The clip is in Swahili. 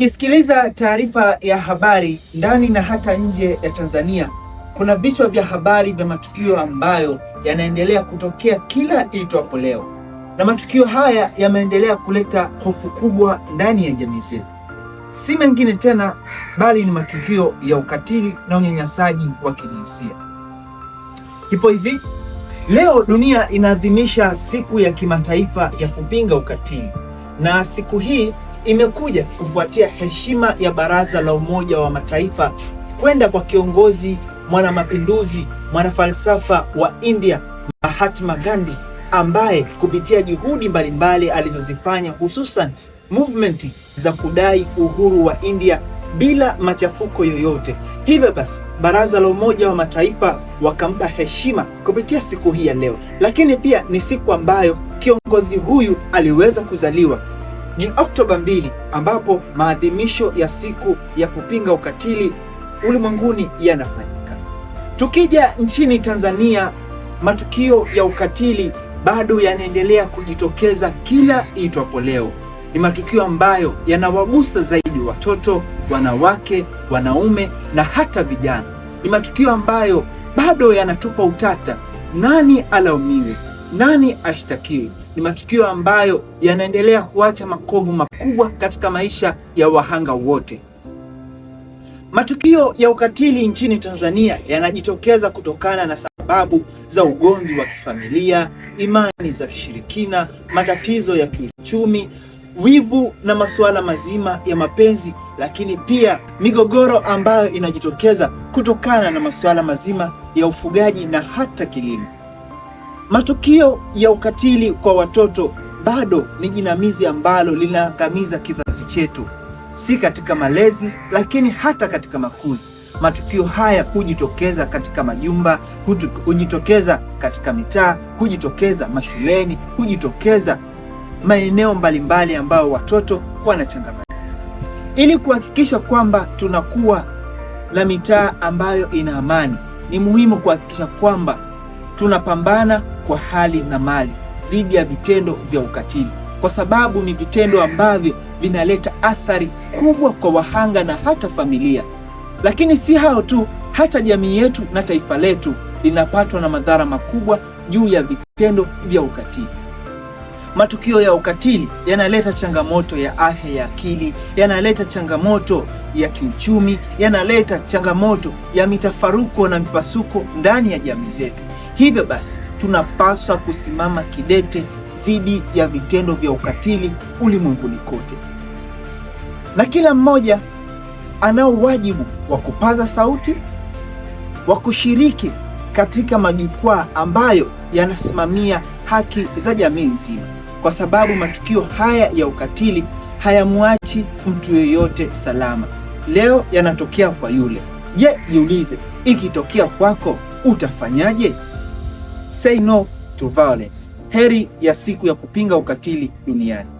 Ukisikiliza taarifa ya habari ndani na hata nje ya Tanzania, kuna vichwa vya habari vya matukio ambayo yanaendelea kutokea kila itwapo leo, na matukio haya yameendelea kuleta hofu kubwa ndani ya jamii zetu. Si mengine tena bali ni matukio ya ukatili na unyanyasaji wa kijinsia. Ipo hivi, leo dunia inaadhimisha siku ya kimataifa ya kupinga ukatili, na siku hii imekuja kufuatia heshima ya Baraza la Umoja wa Mataifa kwenda kwa kiongozi mwanamapinduzi, mwanafalsafa wa India Mahatma Gandhi ambaye kupitia juhudi mbalimbali alizozifanya hususan movement za kudai uhuru wa India bila machafuko yoyote. Hivyo basi Baraza la Umoja wa Mataifa wakampa heshima kupitia siku hii ya leo, lakini pia ni siku ambayo kiongozi huyu aliweza kuzaliwa ni Oktoba 2 ambapo maadhimisho ya siku ya kupinga ukatili ulimwenguni yanafanyika. Tukija nchini Tanzania, matukio ya ukatili bado yanaendelea kujitokeza kila itwapo leo. Ni matukio ambayo yanawagusa zaidi watoto, wanawake, wanaume na hata vijana. Ni matukio ambayo bado yanatupa utata, nani alaumiwe, nani ashtakiwe? ni matukio ambayo yanaendelea kuacha makovu makubwa katika maisha ya wahanga wote. Matukio ya ukatili nchini Tanzania yanajitokeza kutokana na sababu za ugomvi wa kifamilia, imani za kishirikina, matatizo ya kiuchumi, wivu na masuala mazima ya mapenzi, lakini pia migogoro ambayo inajitokeza kutokana na masuala mazima ya ufugaji na hata kilimo. Matukio ya ukatili kwa watoto bado ni jinamizi ambalo linaangamiza kizazi chetu, si katika malezi, lakini hata katika makuzi. Matukio haya hujitokeza katika majumba, hujitokeza katika mitaa, hujitokeza mashuleni, hujitokeza maeneo mbalimbali ambayo watoto wanachangamana. Ili kuhakikisha kwamba tunakuwa na mitaa ambayo ina amani, ni muhimu kuhakikisha kwamba tunapambana kwa hali na mali dhidi ya vitendo vya ukatili, kwa sababu ni vitendo ambavyo vinaleta athari kubwa kwa wahanga na hata familia. Lakini si hao tu, hata jamii yetu na taifa letu linapatwa na madhara makubwa juu ya vitendo vya ukatili. Matukio ya ukatili yanaleta changamoto ya afya ya akili, yanaleta changamoto ya kiuchumi, yanaleta changamoto ya mitafaruko na mipasuko ndani ya jamii zetu. Hivyo basi tunapaswa kusimama kidete dhidi ya vitendo vya ukatili ulimwenguni kote, na kila mmoja anao wajibu wa kupaza sauti, wa kushiriki katika majukwaa ambayo yanasimamia haki za jamii nzima, kwa sababu matukio haya ya ukatili hayamwachi mtu yeyote salama. Leo yanatokea kwa yule. Je, jiulize, ikitokea kwako utafanyaje? Say no to violence. Heri ya siku ya kupinga ukatili duniani.